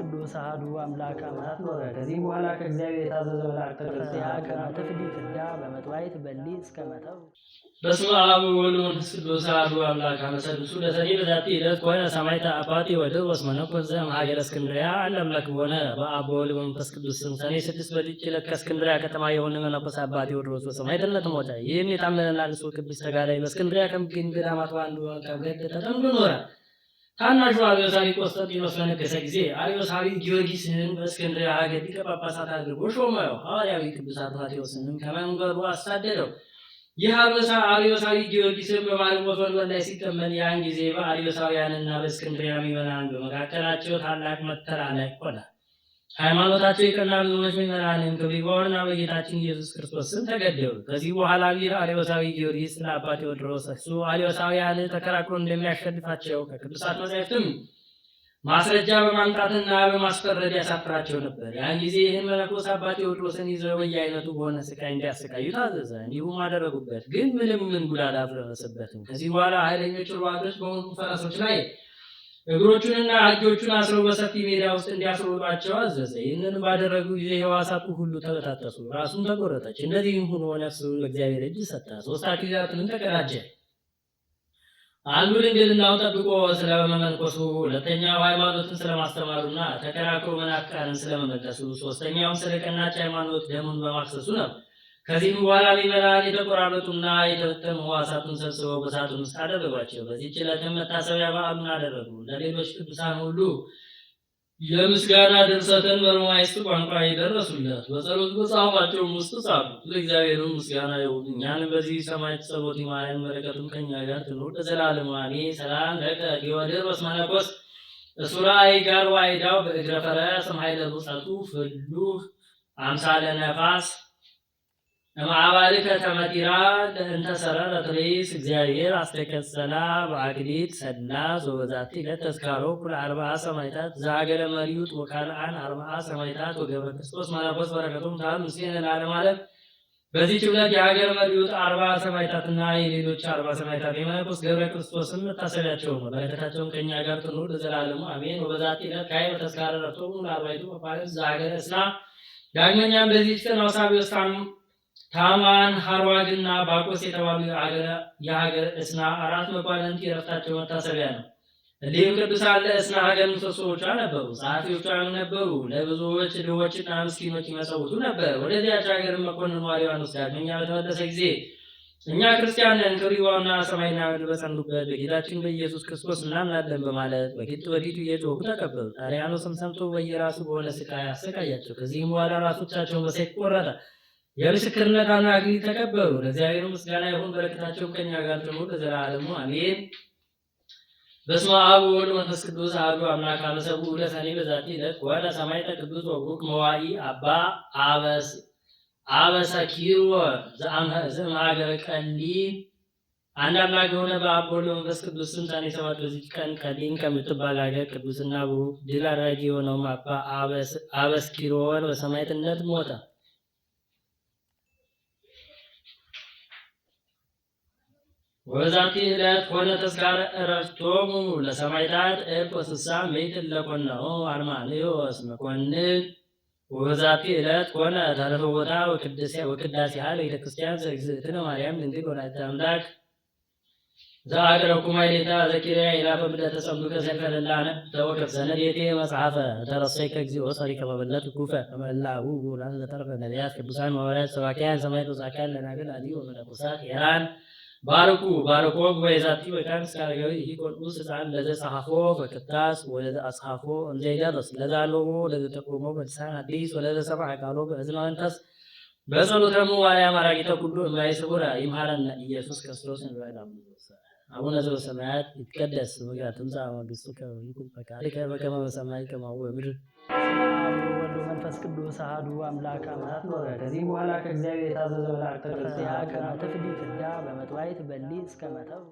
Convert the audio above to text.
ቅዱስ አሐዱ አምላክ አማት ኖረ። ከዚህ በኋላ ከእግዚአብሔር የታዘዘ መልአክ ተከተለ። ከመትፍ ዲፍዳ በመጥዋይት በሊ እስከ መተው በስመ አብ ወወልድ ወመንፈስ ቅዱስ አሐዱ አምላክ አመ ሠድሱ ለሰኔ በዛቲ ዕለት ኮነ ሰማዕተ አባቴ ወድኅ ወስመነኮስ ዘእምሀገረ እስክንድርያ አንድ አምላክ በሆነ በአብ ወወልድ ወመንፈስ ቅዱስ ስም ሰኔ ስድስት በዚች ዕለት ከእስክንድርያ ከተማ የሆነ መነኮስ አባቴ ወድሮስ በሰማዕትነት ሞተ። ይህን የታመነና ንጹሕ ቅዱስ ተጋዳይ በእስክንድርያ ከሚገኙ ገዳማት አንዱ ተጠምዶ ኖረ። ታናሹ አርዮስ ቆስጠንጢኖስ በነገሰ ጊዜ አርዮስ ጊዮርጊስን በእስክንድርያ ሀገር ሊቀ ጳጳሳት አድርጎ ሾመው። ሐዋርያዊ ቅዱስ አትናቴዎስንም ከመንበሩ አሳደደው። ይህ አርዮሳዊ ጊዮርጊስን በማልሞት ወንበር ላይ ሲቀመጥ ያን ጊዜ በአርዮሳውያንና በእስክንድርያ ምዕመናን በመካከላቸው ታላቅ መተላለቅ ሆነ። ሃይማኖታቸው የቀና ብዙዎች ምዕመናንን ክብሪ በሆነና በጌታችን ኢየሱስ ክርስቶስ ስም ተገደሉ። ከዚህ በኋላ ቢር አሌዎሳዊ ጊዮርጊስ እና አባ ቴዎድሮስ እሱ አሌዎሳውያን ተከራክሮ እንደሚያሸንፋቸው ከቅዱሳት መጻሕፍትም ማስረጃ በማምጣትና በማስፈረድ ያሳፍራቸው ነበር። ያን ጊዜ ይህን መነኮስ አባ ቴዎድሮስን ይዘው በየአይነቱ በሆነ ስቃይ እንዲያሰቃዩ ታዘዘ። እንዲሁም አደረጉበት፣ ግን ምንም ምን ጉዳት አልደረሰበትም። ከዚህ በኋላ ኃይለኞች ሯጮች በሆኑ ፈረሶች ላይ እግሮቹንና እጆቹን አስረው በሰፊ ሜዳ ውስጥ እንዲያስሮጧቸው አዘዘ። ይህንን ባደረጉ ጊዜ ሕዋሳቱ ሁሉ ተበታተሱ፣ ራሱን ተቆረጠች። እንደዚህም ሆኖ ነፍሱን ለእግዚአብሔር እጅ ሰጠ። ሶስት አክሊላትንም ተቀዳጀ። አንዱ ድንግልናውን ጠብቆ ስለመመንኮሱ፣ ሁለተኛው ሃይማኖትን ስለማስተማሩና ተከራክሮ መናካንን ስለመመለሱ፣ ሶስተኛውም ስለ ቀናች ሃይማኖት ደሙን በማክሰሱ ነው። ከዚህም በኋላ ሊበላን የተቆራረጡና የተወተሙ ሕዋሳቱን ሰብስበው በሳጥን ውስጥ አደረጓቸው። በዚህች ዕለትም መታሰቢያ በዓሉን አደረጉ። ለሌሎች ቅዱሳን ሁሉ የምስጋና ድርሰትን በዕብራይስጥ ቋንቋ ይደረሱለት በጸሎት መጽሐፋቸውም ውስጥ ጻፉ። ለእግዚአብሔርም ምስጋና ይሁን፣ እኛንም በዚህ ሰማዕት ጸሎት ይማረን፣ በረከቱም ከኛ ጋር ትኑር ለዘላለሙ አሜን። ሰላም ለከ ዲዮድር በስመነኮስ እሱራይ ጋር ዋይዳው በእግረ ፈረስ ኃይለ ብፅዕቱ ፍሉህ አምሳለ ነፋስ እምአባልከ ተመጢራ ለእንተ ሰረረ ትሬስ እግዚአብሔር አስተከሰላ በአክሊት ሰላስ ዘወዛቲ ለተስካሮ ኩል አርባ ሰማይታት ዛገለ ዘሀገረ መሪዩጥ አን አርባ ሰማይታት ወገበ ክርስቶስ መነኮስ በረከቱም ታም ምስሌነ ለዓለመ ዓለም። በዚህ ዕለት የሀገረ መሪዩጥ አርባ ሰማዕታትና የሌሎች አርባ ሰማይታት የመነኮስ ገብረ ክርስቶስም መታሰቢያቸው ነው። በረከታቸውን ከእኛ ጋር ትኑር ለዘላለሙ አሜን። ወበዛቲ ዕለት ካዕበ ተዝካረ ረድኤቶሙ ለአርባዕቱ መኳንንት ዘሀገረ እስራ። ዳግመኛም በዚህ ቀን አውሳብዮስ ታም ታማን ሀርዋግና ባቆስ የተባሉ የሀገር እስና አራት መኳንንት የረፍታቸው መታሰቢያ ነው። እንዲህም ቅዱሳን ለእስና ሀገር ምሰሶዎቿ ነበሩ፣ ጸሐፊዎቿም ነበሩ። ለብዙዎች ድሆችና ምስኪኖች ይመጸውቱ ነበር። ወደዚያች ሀገር መኮንን ዋሪዋን ዳግመኛ በተመለሰ ጊዜ እኛ ክርስቲያን ነን፣ ክብሪዋና ሰማይና ምድር በጸኑበት በጌታችን በኢየሱስ ክርስቶስ እናምናለን በማለት በግድ በፊቱ እየጮሁ ተቀበሉ። ጣሊያኖስም ሰምቶ በየራሱ በሆነ ስቃይ አሰቃያቸው። ከዚህም በኋላ ራሶቻቸውን በሰይፍ ቆረጠ። የምስክርነት አናግሪ ተቀበሉ። ለእግዚአብሔር ምስጋና ይሁን፣ በረከታቸው ከኛ ጋር ትኑር ለዘላለሙ አሜን። በስመ አብ ወወልድ ወመንፈስ ቅዱስ አሐዱ አምላክ አመሰቡ ለሰኔ በዛቲ ዕለት ወደ ሰማዕተ ቅዱስ ወቡሩክ መዋኢ አባ አበስ አበሰኪሮ ዘእምሀገረ ቀንዲ። አንድ አምላክ የሆነ በአብ ወልድ በመንፈስ ቅዱስ ስም ሰኔ ሰባት በዚች ቀን ቀሊን ከምትባል ሀገር ቅዱስና ብሩክ ድል አድራጊ የሆነውም አባ አበስኪሮን በሰማዕትነት ሞተ። ወበዛቲ ዕለት ኮነ ተስካረ ዕረፍቶሙ ለሰማዕታት ኤጲስቆጶስ ምእቲ ለኮነኦ አርማንዮ እስመ ኮንን ወበዛቲ ዕለት ኮነ ተረፈ ቦታ ወቅዳሴሃ ለቤተክርስቲያን ዘእግዝእትነ ማርያም ድንግል ወላዲተ አምላክ ዘአቅረብኩማ ኢሌታ ዘኪርያ ኢላፈ ምልዕተ ጸምዱከ ሰይፈ ለልዓነ ዘወከፍ ሰነዴቴ መጽሐፈ ተረሰይከ እግዚኦ ጸሪከ በበለት ጉፈ መላው ቡላን ዘተረፈ ነቢያት ቅዱሳን ሐዋርያት ሰባክያን ሰማዕታት ዛካን ለናግል አልዩ መነኮሳት ሄራን ባርኩ ባርኮ ወይዛቲ በቃል ስካረገዊ ይቆጥቡ ስልጣን ለዘ ጸሐፎ በክታስ ወለዘ አጽሐፎ እንዘ ይደርስ ለዛሎሞ ተቆሞ በልሳን አዲስ ወለዘ ሰብዓ ቃሎ በእዝነ በጸሎተሙ ዋርያ ማራቂተ ኩሉ እማይ ስቡራ ይምሃረነ ኢየሱስ ክርስቶስ ንበላም አቡነ ዘበሰማያት ይትቀደስ ስምከ ትምጻእ መንግሥትከ ወይኩን ፈቃድከ በከመ በሰማይ ከማሁ በምድር ቅዱስ አህዱ አምላክ አማት ኖረ። ከዚህ በኋላ ከእግዚአብሔር የታዘዘ መልአክ ተገልጾ ያ ከመ ትፍሊ በመጥዋይት በሊ እስከ መተው